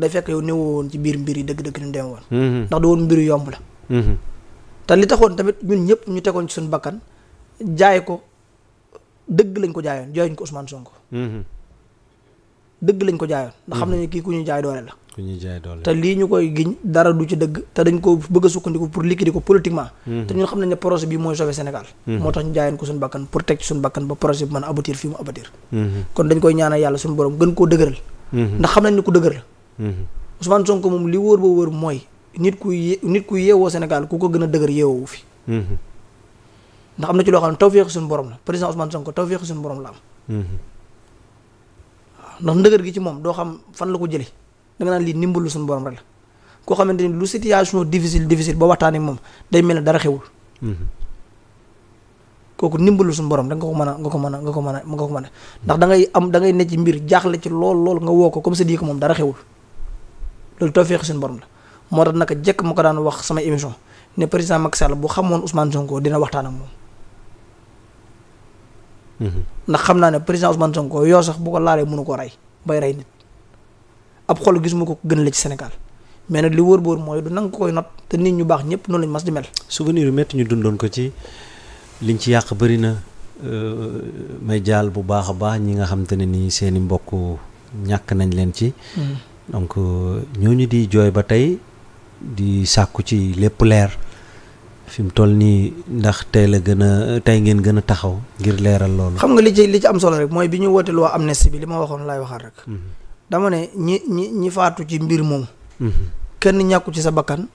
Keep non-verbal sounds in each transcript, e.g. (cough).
day fekk yow néew woon ci biir mbir yi dëgg-dëgg ni mu demee woon. Mhm. ndax du woon mbir yomb la. Mhm. te li taxoon tamit ñun ñëpp ñu tegoon ci suñu bakkan jaay ko dëgg lañ ko jaayoon jaayuñ ko Ousmane Sonko. Mhm. dëgg lañ ko jaayoon. ndax xam nañu kii ku ñuy jaay doole la. ku ñuy te lii ñu koy giñ dara du ci dëgg. te dañ ko bëgg a sukkandiku pour liquider ko politiquement. te ñun xam nañ ne projet bi mooy sauver Sénégal. moo tax ñu jaayoon ko suñu bakkan pour teg ci suñu bakkan ba projet bi mën a aboutir fii mu aboutir. kon dañ gën koo dëgëral. ndax xam Ousmane Sonko moom li wóor ba wóor mooy nit ku nit ku yeewoo Sénégal ku ko gën a dëgër yeewoowu fi. ndax am na ci loo xam ne tawféexu suñu borom la président Ousmane Sonko tawféexu suñu borom la am. ndax ndëgër gi ci moom doo xam fan la ko jëlee da naan lii ndimbalu suñu borom rek koo xamante ni lu situation difficile difficile ba waxtaanee moom day mel ne dara xewul. kooku ndimbalu suñu borom da nga ko mën a nga ko mën a nga ko mën mën ndax da ngay am da ngay ne ci mbir jaaxle ci lool lool nga woo ko comme ça di ko moom dara xewul. loolu tawféex seen borom la moo tax naka jekk ma ko daan wax sama émission ne président Macky Sall bu xamoon Ousmane Sonko dina waxtaan ak moom. Mhm. ndax xam naa ne président Ousmane Sonko yoo sax bu ko laalee mënu ko rey bay rey nit. ab xol gis mu ko gën la ci Sénégal mais nag li wóor boor mooy du nangu koy not te nit ñu baax ñëpp noonu lañ mas di mel. souvenir yu métti ñu dundoon ko ci liñ ci yàq bëri na euh, may jaal bu baax a baax ñi nga xam te ne nii seen i mbokk ñàkk nañ leen ci. Hmm. donc euh, ñooñu di jooy ba tey di sàkku ci lépp leer fi mu toll nii ndax tey la gën a tey ngeen gën a taxaw ngir leeral loolu. xam nga li ci li ci am solo rek mooy bi ñu woote loi amnistie bi li ma waxoon laay waxaat rek. Mhm. dama ñi ñi faatu ci mbir moom. Mhm. kenn ñàkku ci sa bakkan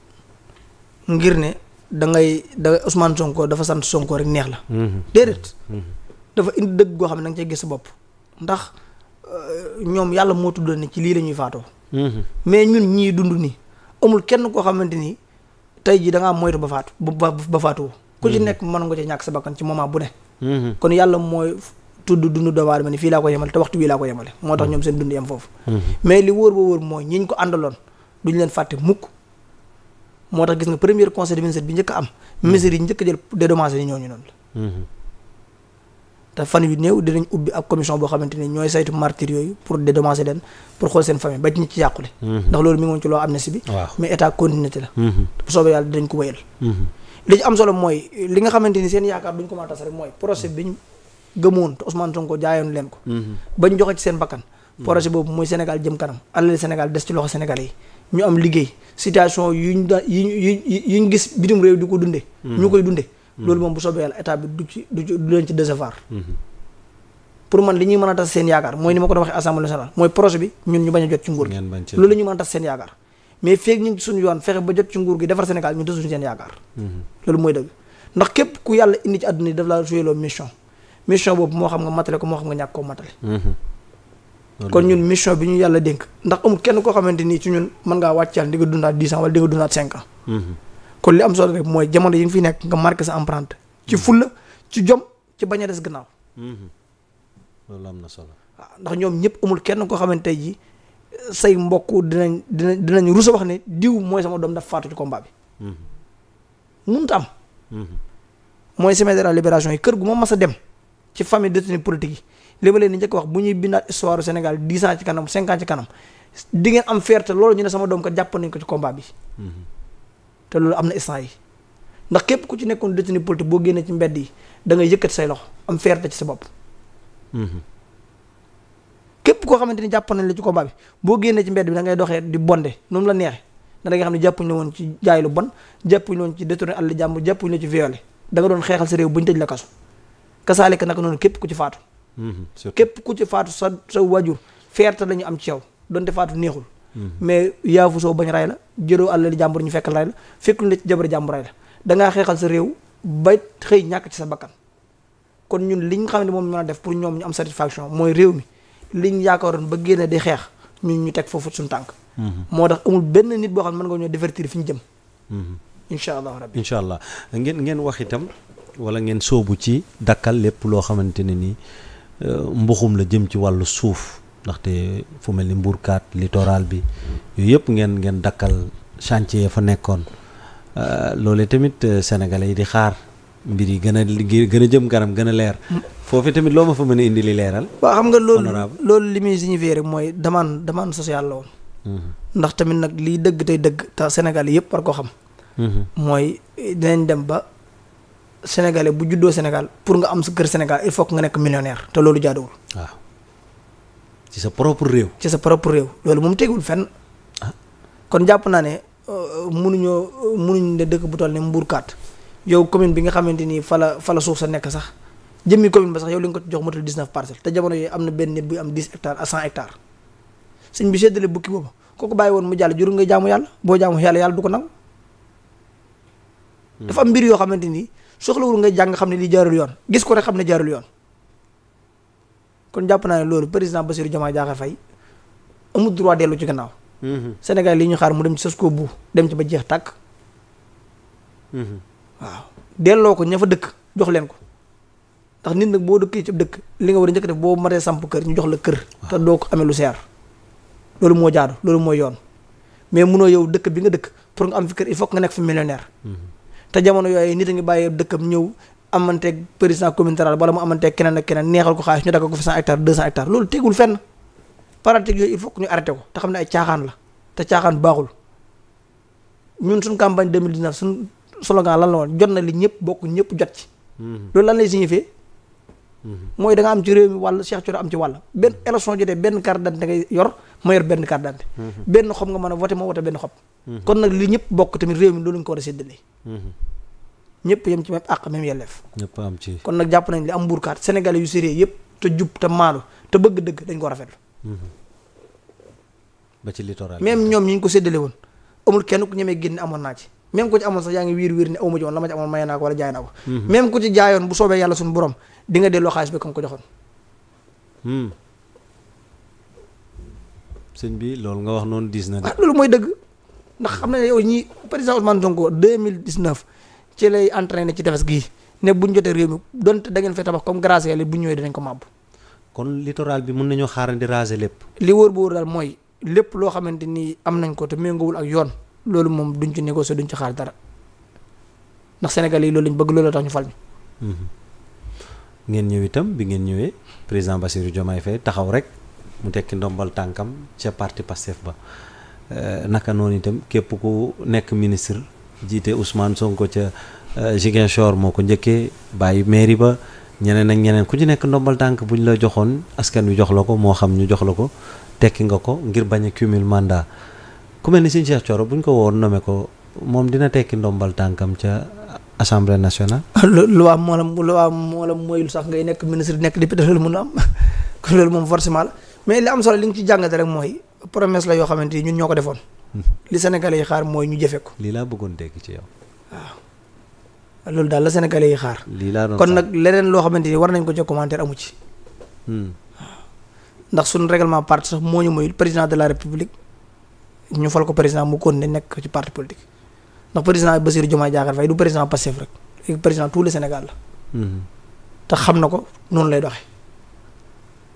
ngir ne dangay ngay da Ousmane Sonko dafa sant Sonko rek neex la. Mhm. déedéet. dafa indi dëgg goo xam ne da nga gis sa bopp. ndax euh, ñoom yàlla moo tudd ne ci lii la ñuy faatoo. mais ñun ñi dund nii amul kenn koo xamante ni tey jii da ngaa moytu ba faatu ba ba faatuwoo. ku ci mhm. nekk mën nga ci ñàkk sa bakkan ci moment bu ne. Mhm. kon yàlla mooy tudd dundu doomu aadama ni fii laa ko yemale te waxtu bii laa ko yemale moo tax mhm. ñoom seen dund yem foofu. mais li wóor ba wóor mooy ñiñ ko àndaloon duñ leen fàtte mukk moo tax gis nga premier conseil de ministre bi njëkk a am. ministre yi njëkk a jël dédommagé yi ñooñu noonu la. te fan yu néew dinañ ubbi ab commission boo xamante ni ñooy saytu martyrs yooyu pour dédommager leen pour xool seen famille ba ci ñi ci yàqule mhm. ndax loolu mi mhm. mhm. mooy li nga xamante ni seen yaakaar duñ ko mën a tas rek mooy projet biñ gëmoon te Ousmane Sonko jaayoon leen ko bañ joxe ci seen bakkan projet boobu mooy Sénégal jëm kanam alal Sénégal des ci loxo Sénégalais yi ñu am liggéey situation yuñ da yi yi ñu gis bitim réew di ko dunde ñu koy dunde loolu moom bu soobee yàlla état bi du ci du leen ci décevoir pour man li ñuy mën a tas seen yaakaar mooy ni ma ko doon waxee assemblée nationale mooy projet bi ñun ñu bañ a jot ci nguur gi loolu la mën a tas seen yaakaar mais feeg ñu suñu yoon fexe ba jot ci nguur gi defar Sénégal ñu tasuñu seen yaakaar mm-hmm. loolu mooy dëgg ndax képp ku yàlla indi ci àdduna yi daf laa joué mission mission boobu moo xam nga matale ko moo xam nga ñàkk koo matale mm-hmm. kon ñun mission bi ñu yàlla dénk ndax amul kenn koo xamante nii ci ñun mën ngaa wàccal di nga dundaat dix kon li am solo rek mooy jamono yi nga fi nekk nga marqué sa empreinte. ci mm-hmm. fulla ci jom ci bañ a des gannaaw. Mm-hmm. am na solo. waaw ah, ndax ñoom ñëpp amul kenn koo xamante tey jii say mbokk dinañ dinañ dinañ rusa wax ne diw mooy sama doom daf faatu ci combat bi. mënut mm-hmm. am. mooy semaine de la yi kër gu ma mas a dem ci famille détenu politique yi li ma leen di njëkk wax bu ñuy bindaat histoire Sénégal dix ans ci kanam cinq ci kanam di ngeen am fierté loolu ñu ne sama doom ko jàpp nañ ko ci combat bi. te loolu am na instant yi ndax képp ku ci nekkoon détenu politique boo génnee ci mbedd yi da ngay yëkkat say loxo am fierté ci sa bopp. Mhm. képp koo xamante ni jàpp nañ la ci combat bi boo génnee ci mbedd bi dangay ngay doxee di bonde noonu la neexee da xam ne jàppuñ la woon ci jaay lu ban jàppuñ la woon ci détourné àll jàmm jàppuñ la ci violé danga doon xeexal sa réew bu ñu tëj la kaso kasaale ka naka noonu képp ku ci faatu. Mhm, képp ku ci faatu sa sa wajur fierté la am ci yow donte faatu neexul. Mm-hmm. mais yaafusoo bañ ray la jëloo àllali jàmbur ñu fekk ray la fekkuñu la ci jabar jàmbur ray la dangaa xeexal sa réew ba xëy ñàkk ci sa bakkan kon ñun li ñu xam ne moom mën a def pour ñoom ñu am satisfaction mooy réew mi liñ yaakaaroon ba génne di xeex ñun ñu teg foofu suñu tànk mm-hmm. moo tax amul benn nit boo xam ne man nga ñoo divertir fi ñu jëm mm-hmm. incha allah rabbi incha allah ngeen ngeen wax itam wala ngeen soobu ci dakkal lépp loo xamante ne nii euh, mbuxum la jëm ci wàllu suuf ndaxte fu mel ni mbuurkaat littoral bi yooyu yëpp ngeen ngeen dakkal chantier ya fa nekkoon euh, loolu tamit euh, sénégalais yi di xaar mbir yi gën a gën a jëm kanam gën a leer mm. foofu tamit loo ma fa mën a indi li leeral waaw xam nga loolu li muy signifié rek mooy demande demande sociale la woon mm-hmm. ndax tamit nag liy dëgg tey dëgg te sénégalais yëpp war ko xam mm-hmm. mooy eh, dinañ dem ba sénégalais bu juddoo sénégal pour nga am sa kër sénégal il faut que nga nekk millionnaire te loolu jaaduwul waaw ci sa propre réew. ci sa propre réew loolu moom tegul fenn. Ah. kon jàpp naa ne euh, munuñoo munuñ ne dëkk bu toll ne Mbourkat yow commune bi nga xamante ni fa la fa la suuf sa nekk sax jëmmi commune ba sax yow li nga ko jox motul 19 parcelles te jamono yooyu am na benn nit buy am 10 hectares à 100 hectares sëñ bi séddale bukki boobu kooku bàyyi woon mu jàll jur nga jaamu yàlla boo jaamu yàlla yàlla du ko nangu. Hmm. dafa am mbir yoo xamante ni soxlawul nga jàng xam ne lii jaarul yoon gis ko rek xam ne jaarul yoon. kon jàpp naa ne loolu président ba Bassirou Diomaye Diakhar fay amul droit dellu ci gannaaw. Mm-hmm. Sénégal li ñu xaar mu dem ci sës koo bu dem ci ba jeex tàkk. Mm-hmm. waaw delloo ko ña dëkk jox leen ko ndax nit nag boo dëkkee ci dëkk li nga war a njëkk def boo maree samp kër ñu jox la kër. te doo ko amee lu seer. loolu moo jaadu loolu mooy yoon mais munoo yow dëkk bi nga dëkk pour nga am fi kër il faut nga nekk fi millionnaire. Mm-hmm. te jamono yooyu nit a ngi bàyyi dëkkam ñëw amanteeg président commune rurale wala mu amanteeg keneen ak keneen neexal ko xaalis ñu dagg ko fi cent hectares deux cent hectares loolu tegul fenn pratique yooyu il faut que ñu arrêté ko te xam ne ay caaxaan la te caaxaan baaxul ñun suñ campagne 2019 suñ slogan lan la woon jot na li ñëpp bokk ñëpp jot ci. Mhm. loolu lan lay signifier. Mhm. mooy da am ci réew mi wàll Cheikh Thioro am ci wàll benn mhm. élection jotee benn carte d'identité ngay yor ma yor benn carte d'identité benn xob nga mën a voté ma benn xob. kon nag li ñëpp bokk tamit réew mi loolu ñu ko war ñëpp yem ci même àq même yelleef ñëpp am ci kon nag jàpp nañ li am mbuurkaat sénégalais yu sérieux yëpp te jub te maalo te bëgg dëgg dañ ko rafet mhm. ba ci littoral même ñoom ñi ñu ko séddale woon amul kenn ku ñemee génn amoon naa ci même ko ci amoon sax yaa ngi wiir wiir ne awma ci woon la ma ci amoon maye naa ko wala jaay naa ko mhm. même ku ci jaayoon bu soobee yàlla suñu borom dinga nga delloo xaalis bi kam ko joxoon hmm. sëñ bi loolu nga wax noonu diis na de. Ah, loolu mooy dëgg ndax xam na ne yow ñii président Ousmane Sonko 2019 ci lay entraîné ci defes gii ne bu ñu jotee réew mi donte da ngeen fay tabax comme grasse yàlla bu ñëwee dinañ ko màbb. kon littoral bi mun nañoo xaaral xaarandi raser lépp. li wër bu wóor daal mooy lépp loo xamante nii am nañ ko te méngoowul ak yoon loolu moom duñ ci négocier duñ ci xaar dara ndax Sénégalais yi loolu lañ bëgg loolu la tax ñu fal mi mm-hmm. ngeen ñëw itam bi ngeen ñëwee président Bassirou Diomaye Faye taxaw rek mu tekki ndombal tànkam ca parti Pastef ba euh, naka noonu itam képp ku nekk ministre. jiite soo ko ca eh, Ziguinchor moo ko njëkkee bàyyi mairie ba ñeneen ak ñeneen ku ci nekk ndombal tànk bu ñu la joxoon askan bi jox la ko moo xam ñu jox la ko tekki nga ko ngir bañ a cumul mandat ku mel ni Serigne Cheikh Thioro bu ñu ko woon nome ko moom dina tekki ndombal tànkam ca assemblée nationale. (laughs) lu am moo la lu am moo la mooy sax ngay nekk ministre nekk député loolu mun am (laughs) loolu la mais li am solo li nga ci jàngate rek mooy promesse la yoo xamante ni ñun ñoo ko defoon. li sénégalais yi xaar mooy ñu jëfe ko. lii laa bëggoon dégg ci yow. waaw loolu daal la sénégalais yi xaar. lii laa doon kon nag leneen loo xamante ni war nañ ko jox commentaire amu ci. Hmm. ndax suñu règlement parti sax moo ñu moyul président de la république ñu fal ko président mu kon ne nekk ci parti politique ndax président Bassirou Diomaye Diakhar Faye du président Pastef rek léegi président tout le Sénégal la. Hmm. te xam na ko noonu lay doxee.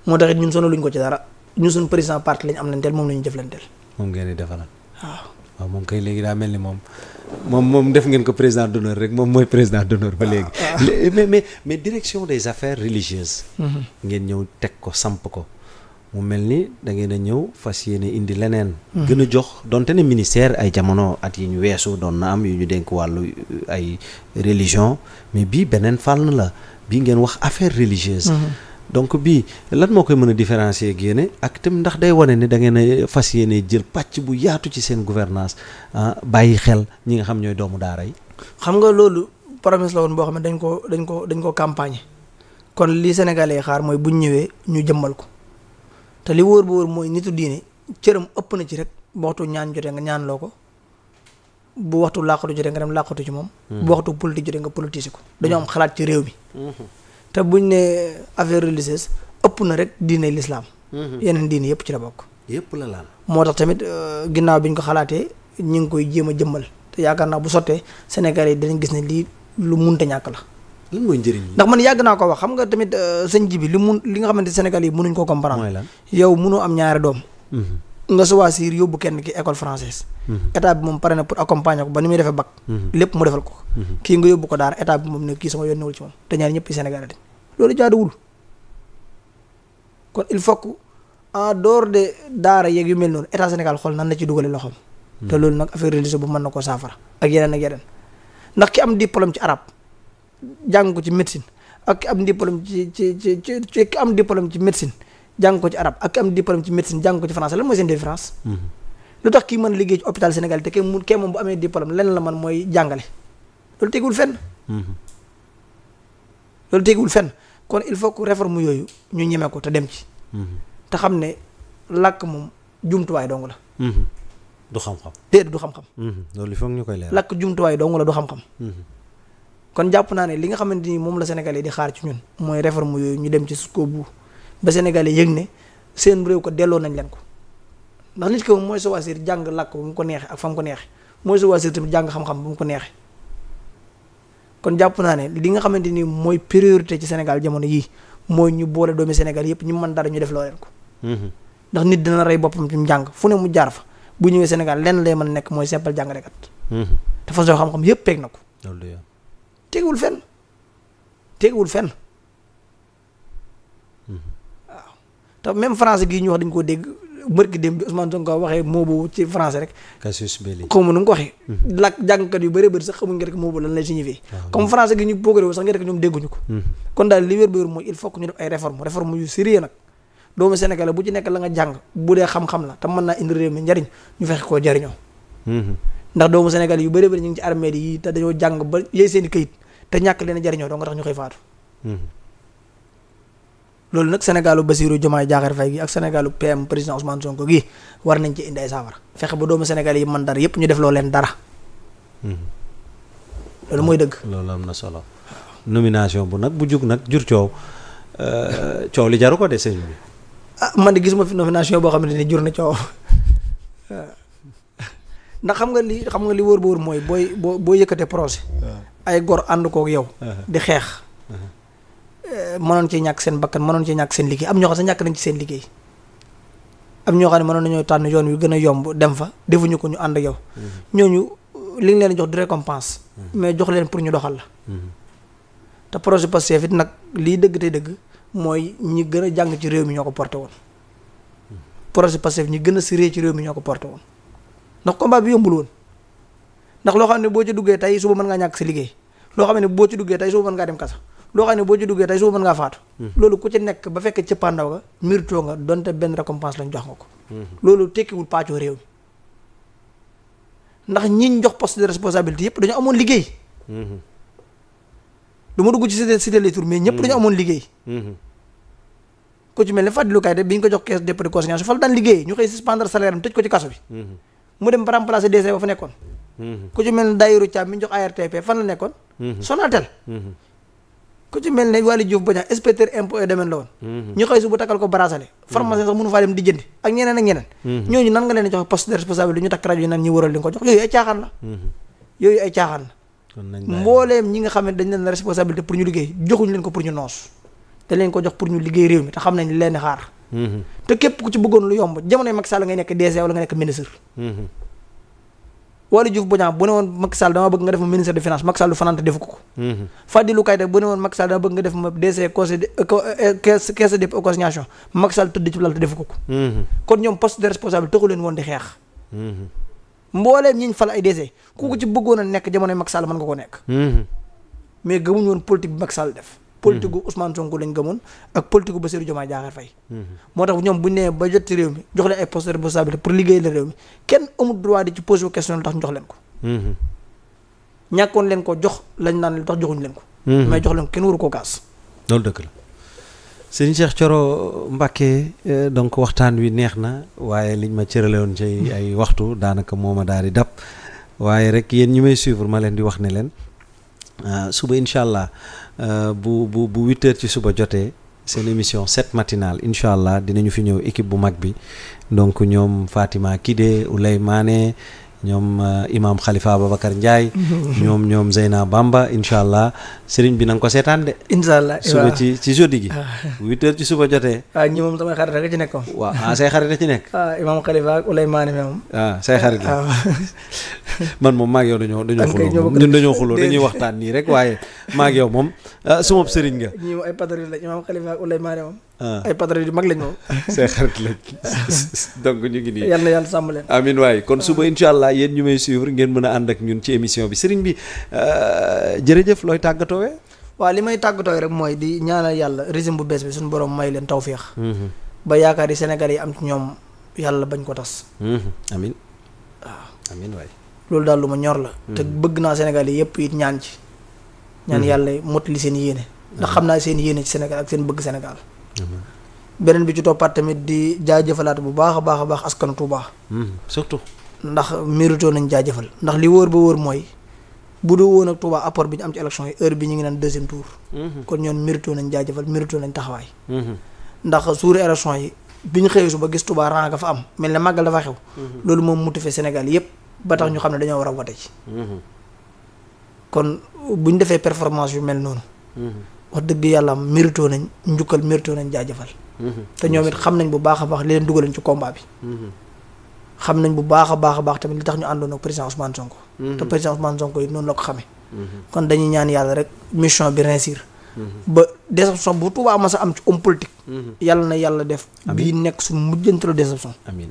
moo taxit ñun sonaluñ ko ci dara ñun suñu président parti lañ am moom la ñu jëflanteel. moom ngeen di defaral. waaw. waaw moom kay léegi daa mel ni moom moom moom def ngeen ko président d'honneur rek moom mooy président d'honneur ba léegi. Ah, ah. mais mais mais direction des affaires religieuses. Mhm. ngeen ñëw teg ko samp ko. mu mel ni da ngeen ñëw fas yéene indi leneen. Mhm. gën a jox donte ne ministère ay jamono at yi ñu weesu doon na am yu ñu denk wàllu ay religion mais bii beneen fànn la bii ngeen wax affaire religieuse. Mhm. donc bii lan moo koy mën a différencier ak ak tam ndax day wane ne da ngeen fas yéene jël pàcc bu yaatu ci seen gouvernance ah, bàyyi xel ñi nga xam ñooy doomu daara yi. xam nga loolu promesse la woon boo xam ne dañ ko dañ ko dañ ko campagne kon li Sénégalais xaar mooy buñ ñëwee ñu jëmmal ko te li wóor ba wóor mooy nitu diine cëram ëpp na ci rek bu waxtu ñaan jotee nga ñaan loo ko bu waxtu làqatu jotee nga dem làqatu ci moom. Hmm. bu waxtu politique jotee nga politisi ko. dañoo xalaat ci réew mi. Hmm. te buñ ne affaire religieuse ëpp na rek diine lislaam mhm. yeneen diine yëpp ci la bokk. yëpp la laal moo tax tamit euh, ginnaaw bi ñu ko xalaatee ñu ngi koy jéem a jëmmal te yaakaar naa bu sottee Sénégalais yi dañ gis ne lii lu munta ñàkk la. lan mooy njëriñ ndax man yàgg naa ko wax xam nga tamit euh, sëñ ji bi li mun li nga xamante Sénégal yi mënuñ ko comprendre. yow mënoo am ñaari doom. Mhm. nga choisir yóbbu kenn ki école française mhm. état bi moom pare na pour accompagner ko ba ni muy defee bac. lépp mu defal ko. kii nga yóbbu ko loolu jaaduwul kon il faut que door de daara yeeg yu mel noonu état Sénégal xool nan la ci dugale loxoom. Hmm. te loolu nag affaire religieuse bu mën na ko saafara. ak yeneen ak yeneen ndax ki am diplôme ci arab jàng ko ci médecine ak ki am ci ci ci ci ki am ci médecine jàng ko ci arab ak ki am diplôme ci médecine jàng ko ci français lan mooy seen différence. Hmm. lu tax ki mën liggéey ci hôpital Sénégal te ke mu moom bu amee diplôme lenn la man mooy jàngale loolu tegul fenn. Hmm. loolu tegul fen kon il faut que réforme yooyu ñu ñeme ko te dem ci. te xam ne làkk moom jumtuwaay dong la. du xam-xam déet du xam-xam. loolu il faut ñu koy leer làkk jumtuwaay dong la du xam-xam. Mhm. kon jàpp naa ne li nga xamante ni moom la Sénégalais di xaar ci ñun. mooy réforme yooyu ñu dem ci jusqu'au bout ba Sénégalais yëg ne seen réew ko delloo nañ leen ko ndax nit ki moom mooy choisir jàng làkk bu mu ko neexee ak fa mu ko neexee mooy choisir mu jàng xam-xam bu mu ko neexee kon jàpp naa ne li nga xamante ni mooy priorité ci Sénégal jamono yii mooy ñu boole doomi Sénégal yëpp ñu man dara ñu def loo ko. Mm-hmm. ndax nit dina rey boppam ci njàng fu ne mu jaar fa bu ñëwee Sénégal lenn lay man nekk mooy seppal jàngalekat. Mm-hmm. te façon xam-xam yëpp peeg na ko. teguwul fenn teguwul fenn. Mm-hmm. waaw te même français gii ñu wax dañ koo dégg mërki dem bi Ousmane Sonko waxee moo boobu ci français rek. casus nu mu ko waxee. Mhm. làkk jàngkat yu bëree bëri sax xamuñ nga rek moo boobu lan lay signifié. Ah, comme français gi ñu boogare wu ko. Mhm. kon daal li wér mooy il faut que ñu def ay réformes réformes yu sérieux nag doomu Sénégal bu ci nekk la nga jàng bu dee xam-xam la te mën naa indi réew mi njariñ ñu fexe koo jariñoo. Mhm. ndax doomu Sénégal yu bëree bëri ñu ngi ci armée yi te dañoo jàng ba yey seen i kayit te ñàkk leen jariñoo doo nga tax ñu koy faatu loolu nag Sénégalu Bassirou Diomaye Diakhar Faye gi ak Sénégalu PM président Ousmane Sonko gi war nañ ci indi ay saafara fexe ba doomu Sénégal yi mën dara yëpp ñu def loo leen dara. Mhm. loolu mooy dëgg. loolu am na solo nomination bu nag bu jug nag jur coow euh, coow li jaru ko de sëñ bi. a ah, man de gis ma fi nomination boo xam ne jur na coow (laughs) ndax xam nga li xam nga li wóor ba wóor mooy booy boo boo yëkkatee projet. Ah. ay gor ànd kook yow. Ah. di xeex. Eh, mënoon ci ñàkk seen bakkan mënoon ci ñàkk seen liggéey am ñoo xam sa ñàkk nañ ci ñoo xam ne mënoon nañoo tànn yoon wi gën a yomb dem fa defuñu ko ñu ànd ak yow. Mm-hmm. ñooñu li nga leen jox du récompense. Mm-hmm. mais jox leen pour ñu doxal la. Mm-hmm. te projet Pastef it nag lii dëgg te dëgg mooy ñi gën a jàng ci réew mi ñoo ko porté woon. projet Pastef ñi gën a siree ci réew mi ñoo ko porté woon ndax combat bi yombul woon ndax loo xam ne boo ci duggee tey suba mën ngaa ñàkk sa liggéey loo xam ne boo ci tey suba mën ngaa dem kasa loo xam ne boo ci duggee tey suba mën ngaa faatu hmm. loolu ku ci nekk ba fekk cëppaandaw ga mirtoo nga donte benn récompense lañ jox nga ko hmm. loolu tekkiwul paccoo réew mi ndax ñiñ jox poste de responsabilité yëpp dañu amoon liggéey hmm. du ma dugg ci cité cité les tours mais ñëpp dañu amoon liggéey ku ci mel ne Fadilou Kayte bi ñu ko jox caisse dépôt de consignation fa la daan liggéey ñu xëy suspendre salaire am tëj ko ci kaso bi mu dem ba remplacer DC s fa nekkoon ku ci mel ne Dayiru Thiam mi ñu jox fan la nekkoon Sonatel ko ci mel ne Waly Diouf Bodian inspecteur impôt et la woon mhm. ñu xëy su takkal ko bracelet mhm. pharmacien sax mënu faa dem di jëndi ak ñeneen ak ñeneen mhm. ñooñu nan nga leen jox poste de responsabilité ñu takk rajo yi nan ñu waral li ko jox yooyu ay caaxaan la mbooleem ñi nga xam ne dañ leen responsabilité pour ñu liggéey joxuñu leen ko pour ñu noos te leen ko jox pour ñu liggéey réew mi te xam nañ leen xaar te képp ku ci bëggoon lu yomb jamonoy Macky Sall ngay nekk DG Waly Diouf Bodian bu ne woon Macky Sall bëgg nga def ma ministre de finance Macky Sall du fanante defu ko ko mhm. Fadilou Keita bu ne woon Macky dama bëgg nga def ma DC conseil de euh, euh, dépôt consignation tëdd ci lal te defu ko ko mhm. kon ñoom poste de responsable taxu leen woon di xeex mhm. mbooleem ñi ñu fal ay DC ku ko ci bëggoon nekk jamono Macky Sall mën nga ko nekk mais gëmuñu woon politique bi Macky Sall def politique hmm. gu Ousmane Sonko lañ gëmoon ak politique gu Bassirou Diomaye Diakhar Faye hmm. moo tax ñoom bu ñu nee ba jot ci réew mi jox leen ay postes de réew mi kenn amul droit di ci poser wu question lu tax ñu jox leen ko hmm. ñàkkoon leen ko jox lañ naan lu tax leen ko mais jox leen ko kenn waru ko kaas loolu dëkk la sëñ Cheikh Thioro Mbacké euh, donc waxtaan wi neex na waaye liñ ma woon ci ay waxtu daanaka moom ma daal di dab waaye rek yéen ñi may suivre ma leen di wax ne leen Euh, suba incha allah euh, bu bu bu huit heures ci suba jotee seen émission sept matinale incha allah dinañu fi ñëw équipe bu mag bi donc ñoom Fatima Kide Oulay Mané ñoom xalifa eh, Khalifa Ababacar Ndiaye. Mm-hmm. ñoom ñoom Zeyna Bamba incha allah sëriñ bi na ko seetaan de. suba ci ci jeudi gi. Ah. huit heures ci suba jotee. waaw ah, ñi moom samay xarit rek ci nekk waaw ah say xarit rek ci nekk. ah imam Khalifa ak Oulaymane moom. ah say xarit la ah. (laughs) man moom maa dañoo xuloo ñun dañoo xuloo dañuy waxtaan nii rek waaye maa moom su ma sëriñ nga. ñi moom ay patrouille la imam Khalifa ak Oulaymane moom. Ah. ay patron yu mag lañoo moom. (laughs) say xarit lañ (laughs) donc ñu ngi nii. yal na yàlla sàmm leen. amiin waay kon ah. suba incha allah yéen ñu may suivre ngeen mën a ànd ak ñun ci émission bi sëriñ bi euh, jërëjëf looy tàggatoowee. waaw li may tàggatoo rek mooy di ñaanal yàlla régime bu bees bi suñu borom may leen tawféex. Mm-hmm. ba yaakaar yi Sénégal yi am ci ñoom yàlla bañ ko tas. amiin mm-hmm. waaw amiin ah. waay. loolu daal lu ma ñor la. te mm-hmm. bëgg naa Sénégal yi yëpp it ñaan ci. ñaan yàlla mottali seen yéene. ndax xam naa seen yéene ci Sénégal seen bëgg Sénégal beneen bi ci toppaat tamit di jaajëfalaat bu baax a baax a baax askanu Touba. Hmm, surtout. ndax mérito nañ jaajëfal ndax li wóor ba wóor mooy bu doo woon ak Touba apport bi ñu am ci élection yi heure bi ñu ngi naan deuxième tour. Hmm. kon ñoon mérito nañ jaajëfal mérito nañ taxawaay. Hmm. ndax suuri élection yi bi ñu xëyee su ba gis Touba rang nga fa am mel na màggal dafa xew. loolu moom motivé Sénégal yépp ba tax ñu xam ne dañoo war a wate ci. kon bu ñu defee yu mel noonu. wax dëgg yàlla mérito nañ njukkal mérito nañ jaajëfal. Mhm. te ñoom it xam nañ bu baax a baax li leen dugaloon ci combat bi. Mhm. xam nañ bu baax a baax a baax tamit li tax ñu àndoon ak président Ousmane Sonko. Mhm. te président Ousmane Sonko it noonu la ko xamee. kon dañuy ñaan yàlla rek mission bi réussir. ba déception bu Touba mas a am ci homme politique. yàlla na yàlla def. bii nekk su mujjantalu déception. amiin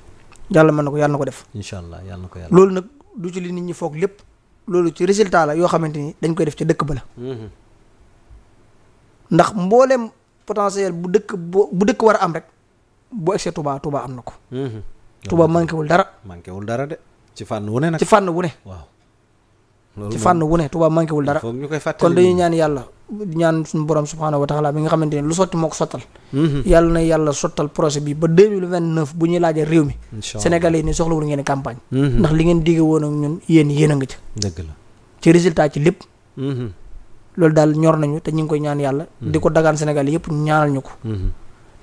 yàlla mën na ko yàlla na ko def. incha allah yàlla na ko yàlla loolu nag du ci li nit ñi foog lépp loolu ci résultat la yoo xamante ni dañ koy def ci dëkk ba la. ndax mbooleem potentiel bu dëkk bu dëkk war a am rek bu egsee Touba Touba am na ko. Mhm. Touba manqué wul dara. manqué wul dara de ci fànn wu ne nag. ci fànn wu ne. waaw loolu ci wu ne Touba manqué wul dara. kon dañuy ñaan yàlla. ñaan suñu borom subhaanahu wa taala bi nga xamante ne lu sotti moo ko sottal. Mhm. yàlla na yàlla sottal projet bi ba deux mille vingt bu ñuy laajee réew mi. Sénégalais yi ne soxlawul ngeen campagne. Mhm. ndax li ngeen digge woon ñun yéen yéen a nga ca. dëgg la ci résultat ci lépp. loolu daal ñor nañu te ñu ngi koy ñaan yàlla. Mm-hmm. di ko dagaan Sénégal yëpp ñaanal ñu ko. Mm-hmm.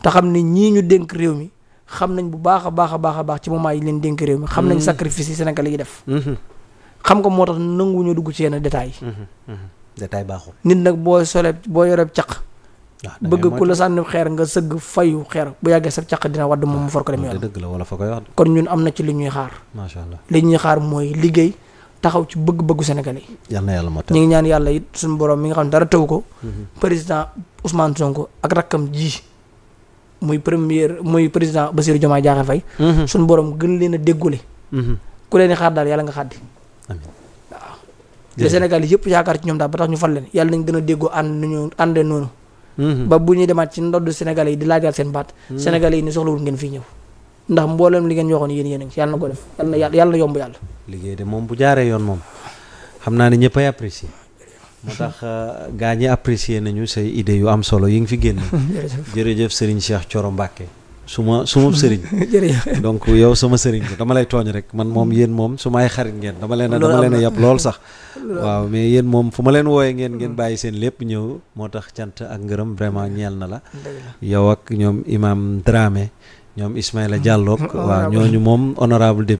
te xam ni ñii ñu dénk réew mi xam nañ bu baax a baax a baax a baax ci moment yi leen dénk réew mi. xam nañ mm-hmm. sacrifice yi Sénégal yi def. xam nga moo tax ñu dugg ci yenn détails yi. détail baaxul nit nag boo solee boo yoreb caq ah, bëgg ku la sànni xeer nga sëgg fayu xeer bu yàggee sa caq dina wadd moom mu for ko dem yoon ah, dëgg la wala fa kon ñun am na ci li ñuy xaar macha allah li ñuy xaar mooy liggéey taxaw ci bëgg-bëggu Sénégalais yi. yàlla moo tax ñu ngi ñaan yàlla it suñu borom mi nga xam ne dara taw ko. Mhm. président Ousmane Sonko ak rakkam ji muy premier muy président Bassirou Diomaye Diakhar Faye. Mhm. suñu borom gën leen a déggule. Mhm. ku leen di xaar daal yàlla nga xaddi. amiin waaw. le Sénégal yëpp yaakaar ci ñoom daal ba tax ñu fal leen yàlla nañ gën a déggoo ànd ñu ànd noonu. ba bu ñuy demaat ci ndodd Sénégalais yi di laajaat seen baat. Sénégalais yi ni soxlawul ngeen fii ñëw. ndax mboolem li ngeen waxoon yéen yéen a ngi ci yàlla na ko def yàlla na yàlla na yomb yàlla. liggéey de moom bu jaaree yoon moom xam naa ne ñëpp ay apprécier tax (laughs) euh, gaa ñi apprécier nañu say idées yu am solo yi nga fi génn. (laughs) jërëjëf Serigne Cheikh Thioro Mbacké su ma su ma sëriñ donc yow sama sëriñ dama lay tooñ rek man moom yéen moom su ma ay xarit ngeen dama leen a dama leen lool sax waaw mais yéen moom fu ma leen wooyee ngeen mm. bàyyi seen lépp ñëw moo tax cant ak ngërëm vraiment ñeel na la ñoom Ismaïla mm. Diallo. (laughs) waaw ñooñu moom honorable